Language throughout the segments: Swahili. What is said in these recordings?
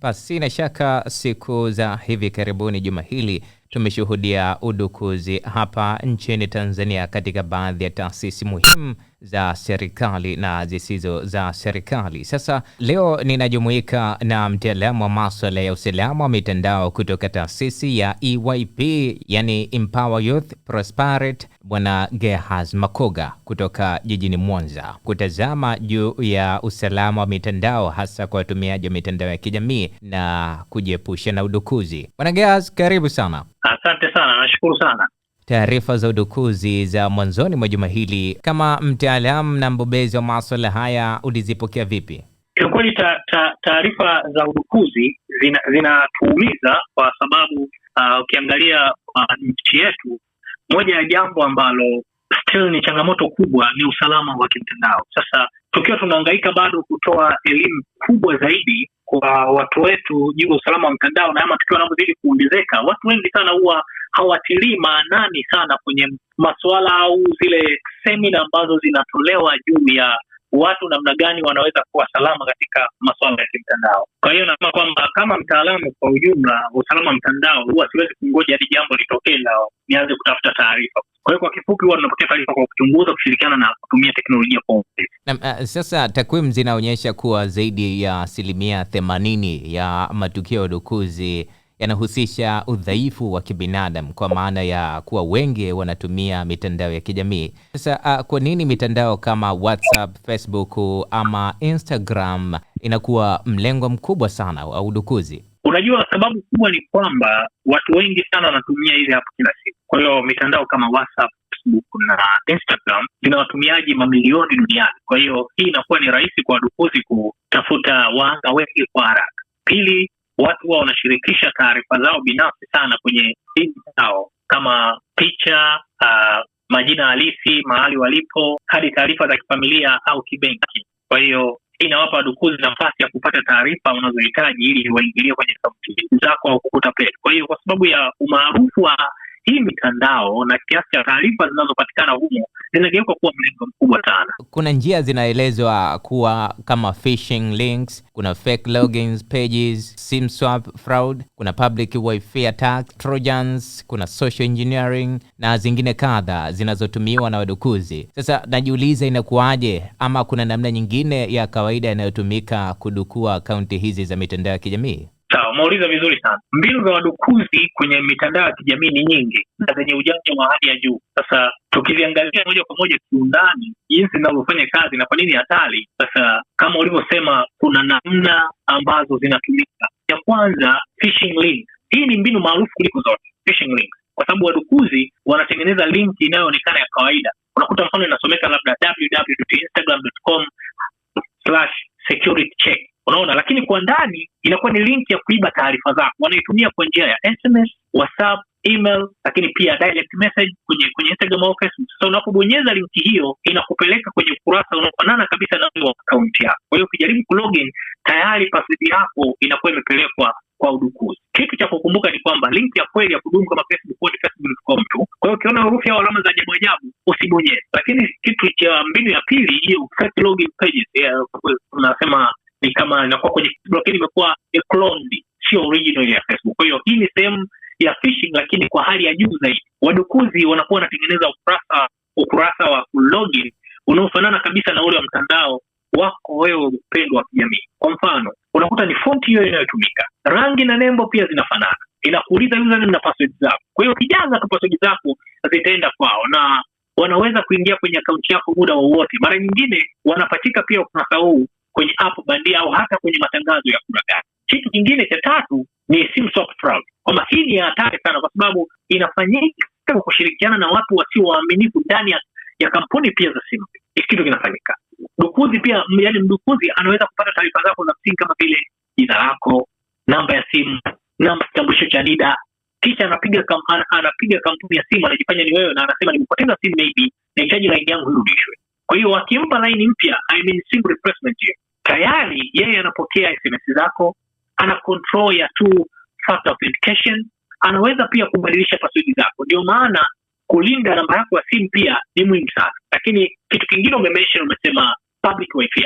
Pasina shaka siku za hivi karibuni, juma hili tumeshuhudia udukuzi hapa nchini Tanzania katika baadhi ya taasisi muhimu za serikali na zisizo za serikali. Sasa leo ninajumuika na mtaalamu wa masuala ya usalama wa mitandao kutoka taasisi ya EYP, yani Empower Youth Prosperity, Bwana Gehaz Makoga kutoka jijini Mwanza kutazama juu ya usalama wa mitandao hasa kwa watumiaji wa mitandao ya kijamii na kujiepusha na udukuzi. Bwana Gehaz, karibu sana. Asante sana, nashukuru sana taarifa za udukuzi za mwanzoni mwa juma hili, kama mtaalamu na mbobezi wa maswala haya, ulizipokea vipi? Kiukweli taarifa ta, ta, za udukuzi zinatuumiza zina kwa sababu uh, ukiangalia uh, nchi yetu, moja ya jambo ambalo still ni changamoto kubwa ni usalama wa kimtandao. Sasa tukiwa tunahangaika bado kutoa elimu kubwa zaidi kwa watu wetu juu ya usalama wa mtandao, na ama tukiwa anavyozidi kuongezeka, watu wengi sana huwa hawatilii maanani sana kwenye masuala au zile semina ambazo zinatolewa juu ya watu namna gani wanaweza kuwa salama katika masuala ya kimtandao. Kwa hiyo nasema kwamba kama mtaalamu kwa ujumla, usalama mtandao huwa siwezi kungoja hadi jambo litokee na nianze kutafuta taarifa. Kwa hiyo kwa kifupi, huwa tunapokea taarifa kwa kuchunguza, kushirikiana na kutumia teknolojia kwa uh, sasa takwimu zinaonyesha kuwa zaidi ya asilimia themanini ya matukio ya udukuzi yanahusisha udhaifu wa kibinadamu kwa maana ya kuwa wengi wanatumia mitandao ya kijamii. Sasa uh, kwa nini mitandao kama WhatsApp, Facebook ama Instagram inakuwa mlengo mkubwa sana wa udukuzi? Unajua, sababu kubwa ni kwamba watu wengi sana wanatumia hivi hapo kila siku. Kwa hiyo mitandao kama WhatsApp na Instagram zina watumiaji mamilioni duniani. Kwa hiyo hii inakuwa ni rahisi kwa wadukuzi kutafuta wahanga wengi kwa haraka. Pili, watu huwa wanashirikisha taarifa zao binafsi sana kwenye simu zao, kama picha uh, majina halisi, mahali walipo, hadi taarifa za kifamilia au kibenki. Kwa hiyo inawapa wadukuzi nafasi ya kupata taarifa unazohitaji ili waingilie kwenye sauti zako au kukuta pesa. Kwa hiyo kwa sababu ya umaarufu wa hii mitandao na kiasi cha taarifa zinazopatikana humo zinageuka kuwa mlengo mkubwa sana. Kuna njia zinaelezwa kuwa kama phishing links, kuna fake logins pages, sim swap fraud, kuna public wifi trojans, kuna social engineering na zingine kadha zinazotumiwa na wadukuzi. Sasa najiuliza inakuwaje, ama kuna namna nyingine ya kawaida inayotumika kudukua akaunti hizi za mitandao ya kijamii? Umeuliza vizuri sana. Mbinu za wadukuzi kwenye mitandao ya kijamii ni nyingi na zenye ujanja wa hali ya juu. Sasa tukiziangazia moja kwa moja kiundani, jinsi zinavyofanya kazi na kwa nini hatari. Sasa kama ulivyosema, kuna namna ambazo zinatumika. Ya kwanza, phishing link. Hii ni mbinu maarufu kuliko zote, phishing link, kwa sababu wadukuzi wanatengeneza link inayoonekana ya kawaida. Unakuta mfano inasomeka labda www.instagram.com/securitycheck unaona. Lakini kwa ndani inakuwa ni linki ya kuiba taarifa zako, wanaitumia kwa njia ya SMS, WhatsApp, email, lakini pia direct message kwenye kwenye Instagram au Facebook. Sasa unapobonyeza linki hiyo inakupeleka kwenye ukurasa unaofanana kabisa na wa akaunti yako. Kwa hiyo ukijaribu kulogin, tayari password yako inakuwa imepelekwa kwa udukuzi. Kitu cha kukumbuka ni kwamba link ya kweli ya kudumu kama Facebook ni facebook.com tu. Kwa hiyo ukiona urufi au alama za ajabu ajabu usibonyeze. Lakini kitu cha mbinu ya pili hiyo fake login pages, eh, unasema ni kama inakuwa kwenye lakini imekuwa sio original ya Facebook. Kwa hiyo hii ni sehemu ya phishing, lakini kwa hali ya juu zaidi. Wadukuzi wanakuwa wanatengeneza ukurasa, ukurasa wa login unaofanana kabisa na ule wa mtandao wako wewe mpendwa wa kijamii. Kwa mfano, unakuta ni fonti hiyo inayotumika, rangi na nembo pia zinafanana, inakuuliza username na password zako. Kwa hiyo ukijaza tu password zako zitaenda kwao na wanaweza kuingia kwenye akaunti yako muda wowote. Mara nyingine wanapatika pia ukurasa huu kwenye app bandia au hata kwenye matangazo ya kura gani. Kitu kingine cha tatu ni sim soft fraud, kwamba hii ni hatari sana, kwa sababu inafanyika kwa kushirikiana na watu wasio waaminifu ndani ya, ya kampuni pia za simu. Hiki kitu kinafanyika. Dukuzi pia, yani mdukuzi anaweza kupata taarifa zako za msingi kama vile jina lako, namba ya simu, namba ya kitambulisho cha NIDA, kisha anapiga kam, anapiga kampuni ya simu, anajifanya ni wewe na anasema nimepoteza simu, maybe nahitaji laini yangu irudishwe. Kwa hiyo wakimpa laini mpya, I mean sim replacement hiyo tayari yeye anapokea SMS zako, ana control ya factor authentication, anaweza pia kubadilisha password zako. Ndio maana kulinda namba yako ya simu pia ni muhimu sana. Lakini kitu kingine umemesha umesema public wifi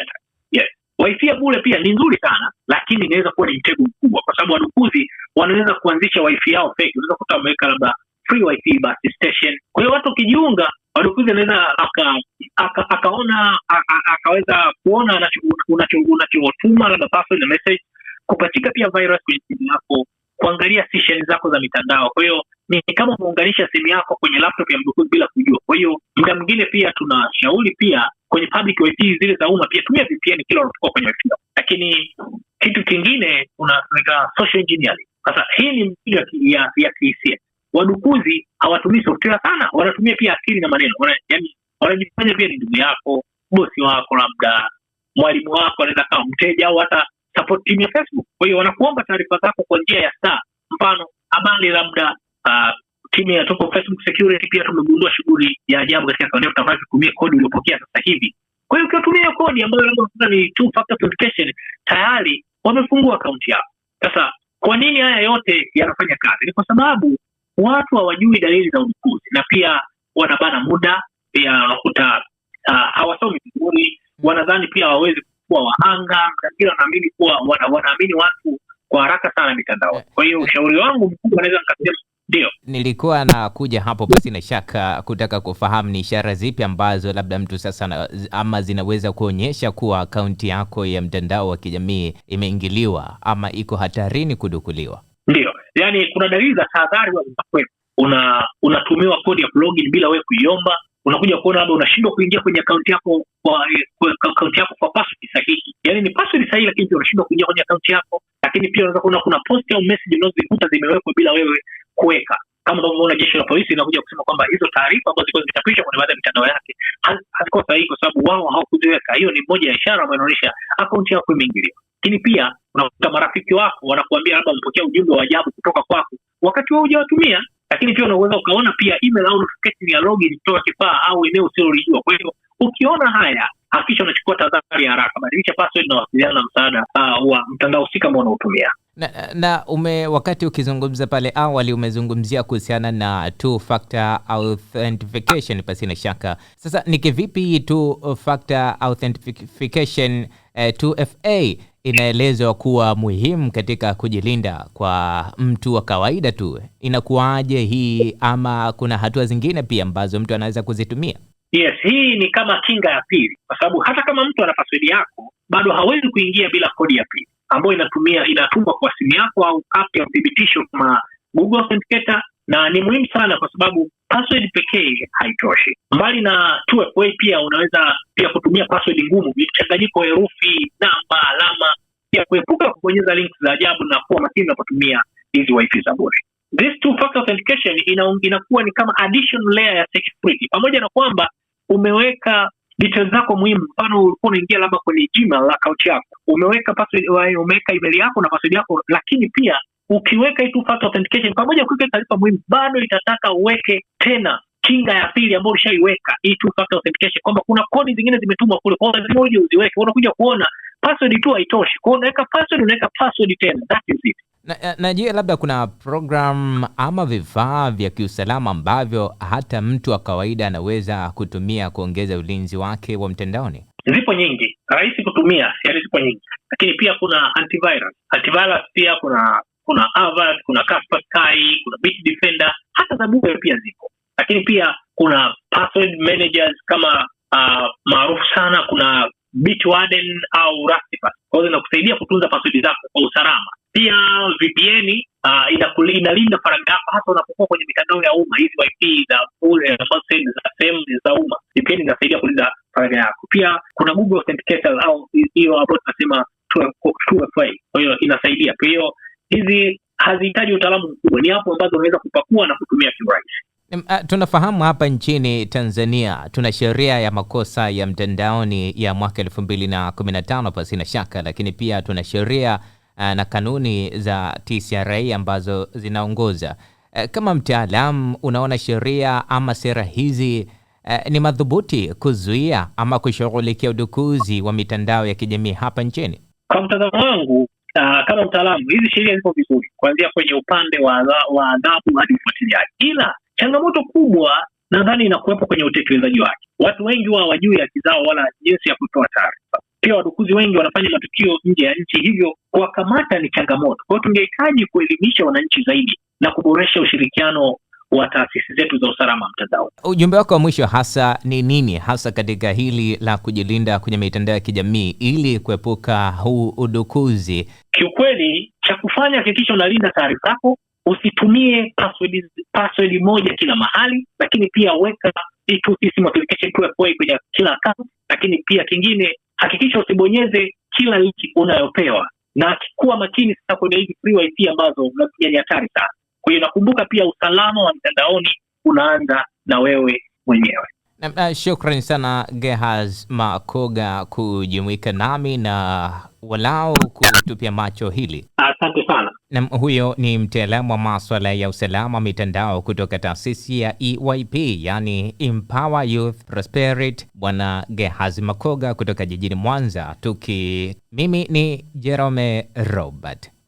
pia ni nzuri sana, lakini inaweza kuwa ni mtego mkubwa, kwa sababu wadukuzi wanaweza kuanzisha wifi yao fake. Unaweza kuta wameweka labda free wifi basi station. Kwa hiyo watu wakijiunga Madukuzi anaweza aka, akaona akaweza kuona unachotuma labda password na message, kupachika pia virus kwenye simu yako, kuangalia session zako za mitandao. Kwa hiyo ni kama umeunganisha simu yako kwenye laptop ya mdukuzi bila kujua. Kwa hiyo muda mwingine pia tunashauri pia kwenye public wifi zile za umma pia tumia VPN kila unapokuwa kwenye wifi, lakini kitu kingine unatumika social engineering. Sasa hii ni mbinu ya, ya kihisia wadukuzi hawatumii software sana, wanatumia pia akili na maneno. Yani wanajifanya pia ni ndugu yako, bosi wako, labda mwalimu wako, anaweza kawa mteja au hata support team ya Facebook. Kwa hiyo wanakuomba taarifa zako kwa njia ya star, mfano habari labda uh, ah, timu ya toko Facebook Security pia tumegundua shughuli ya ajabu katika akaunti yako, tafadhali kodi uliopokea sasa hivi. Kwa hiyo ukiwatumia kodi ambayo labda ni two factor authentication, tayari wamefungua akaunti yako. Sasa kwa nini haya yote yanafanya kazi? Ni kwa sababu watu hawajui dalili za udukuzi, na pia wanabana muda, pia wanakuta ah, hawasomi uh, vizuri, wanadhani pia hawawezi kuwa wahanga, lakini wanaamini kuwa wanaamini watu kwa haraka sana mitandao Kwa hiyo ushauri wangu mkubwa naweza nikasema Dio. nilikuwa nakuja hapo pasi na shaka kutaka kufahamu ni ishara zipi ambazo labda mtu sasa na, ama zinaweza kuonyesha kuwa akaunti yako ya mtandao wa kijamii imeingiliwa ama iko hatarini kudukuliwa. Ndio, yani kuna dalili za tahadhari za Una unatumiwa kodi ya login bila wewe kuiomba, unakuja kuona labda unashindwa kuingia kwenye akaunti yako kwa akaunti yako kwa password sahihi, yani ni password sahihi, lakini pia unashindwa kuingia kwenye akaunti yako. Lakini pia unaweza kuona kuna post au message unazozikuta zimewekwa bila wewe kuweka kama unavyoona jeshi la polisi inakuja kusema kwamba hizo taarifa ambazo zilikuwa zimechapishwa kwenye baadhi ya mitandao yake hazikuwa sahihi, kwa sababu wao hawakuziweka. Hiyo ni moja ya ishara ambayo inaonyesha akaunti yako imeingiliwa lakini pia unakuta marafiki wako wanakuambia labda umepokea ujumbe wa ajabu kutoka kwako wakati wewe hujawatumia, lakini pia unaweza ukaona pia email au notification ya login kutoka kifaa au eneo usilolijua. Kwa hiyo ukiona haya hakikisha unachukua tahadhari ya haraka, badilisha password na wasiliana na msaada ah, wa mtandao husika ambao unaotumia na, na ume wakati ukizungumza pale awali umezungumzia kuhusiana na two factor authentication na shaka. Sasa ni kivipi two factor authentication eh, 2FA inaelezwa kuwa muhimu katika kujilinda kwa mtu wa kawaida tu? Inakuwaje hii ama kuna hatua zingine pia ambazo mtu anaweza kuzitumia? Yes, hii ni kama kinga ya pili, kwa sababu hata kama mtu ana password yako bado hawezi kuingia bila kodi ya pili ambayo inatumia inatumwa kwa simu yako au app ya uthibitisho kama Google Authenticator, na ni muhimu sana kwa sababu password pekee haitoshi. Mbali na 2FA pia unaweza pia kutumia password ngumu, mchanganyiko wa herufi, namba, alama, pia kuepuka kubonyeza links za ajabu na kuwa makini unapotumia hizi wifi za bure this two factor authentication ina, inakuwa ni kama additional layer ya security, pamoja na kwamba umeweka details zako muhimu. Mfano, ulikuwa unaingia labda kwenye Gmail account yako, umeweka password, eh, umeweka email yako na password yako, lakini pia ukiweka hii two factor authentication pamoja kuweka taarifa muhimu, bado itataka uweke tena kinga ya pili ambayo ulishaiweka hii two factor authentication, kwamba kuna kodi zingine zimetumwa kule, kwa hiyo lazima uje uziweke. Unakuja kuona password tu haitoshi, kwa unaweka password, unaweka password tena, that is it na, eh, na labda kuna program ama vifaa vya kiusalama ambavyo hata mtu wa kawaida anaweza kutumia kuongeza ulinzi wake wa mtandaoni? Zipo nyingi, rahisi kutumia, yani zipo nyingi, lakini pia kuna antivirus. Antivirus pia kuna kuna Avast, kuna Kaspersky, kuna hata za Google pia zipo, lakini pia kuna password managers kama uh, maarufu sana, kuna Bitwarden au rastipa kwa hiyo zinakusaidia kutunza password zako kwa usalama pia VPN uh, inalinda faragha yako hasa unapokuwa kwenye mitandao ya umma, hizi IP za sehemu za umma. VPN inasaidia kulinda faragha yako. Pia kuna Google Authenticator au hiyo ambayo tunasema kwa hiyo inasaidia. Kwa hiyo hizi hazihitaji utaalamu mkubwa, ni hapo ambazo unaweza kupakua na kutumia kiurahisi. Ah, tunafahamu hapa nchini Tanzania tuna sheria ya makosa ya mtandaoni ya mwaka elfu mbili na kumi na tano pasina shaka, lakini pia tuna sheria Eh, na kanuni za TCRA ambazo zinaongoza. Eh, kama mtaalamu, unaona sheria ama sera hizi eh, ni madhubuti kuzuia ama kushughulikia udukuzi wa mitandao ya kijamii hapa nchini? Kwa mtazamo wangu, uh, kama mtaalamu, hizi sheria ziko vizuri kuanzia kwenye upande wa adhabu hadi ufuatiliaji, ila changamoto kubwa nadhani inakuwepo kwenye utekelezaji wake. Watu wengi huwa hawajui haki zao wala jinsi ya kutoa taarifa. Pia wadukuzi wengi wanafanya matukio nje ya nchi, hivyo kuwakamata ni changamoto. Kwa hiyo tungehitaji kuelimisha wananchi zaidi na kuboresha ushirikiano wa taasisi zetu za usalama mtandao. Ujumbe wako wa mwisho hasa ni nini, hasa katika hili la kujilinda kwenye mitandao ya kijamii ili kuepuka huu udukuzi? Kiukweli cha kufanya, hakikisha unalinda taarifa zako, usitumie password, password moja kila mahali, lakini pia weka kwenye kila akaunti, lakini pia kingine hakikisha usibonyeze kila linki unayopewa na kuwa makini sasa kwenye hizi free wifi ambazo unatumia, ni hatari sana. Kwa hiyo nakumbuka pia usalama wa mtandaoni unaanza na wewe mwenyewe. Na, shukrani sana Gehaz Makoga kujumuika nami na walau kutupia macho hili. Asante sana. Na huyo ni mtaalamu wa maswala ya usalama mitandao kutoka taasisi ya EYP, yani Empower Youth prosperit Bwana Gehaz Makoga kutoka jijini Mwanza. Tuki mimi ni Jerome Robert.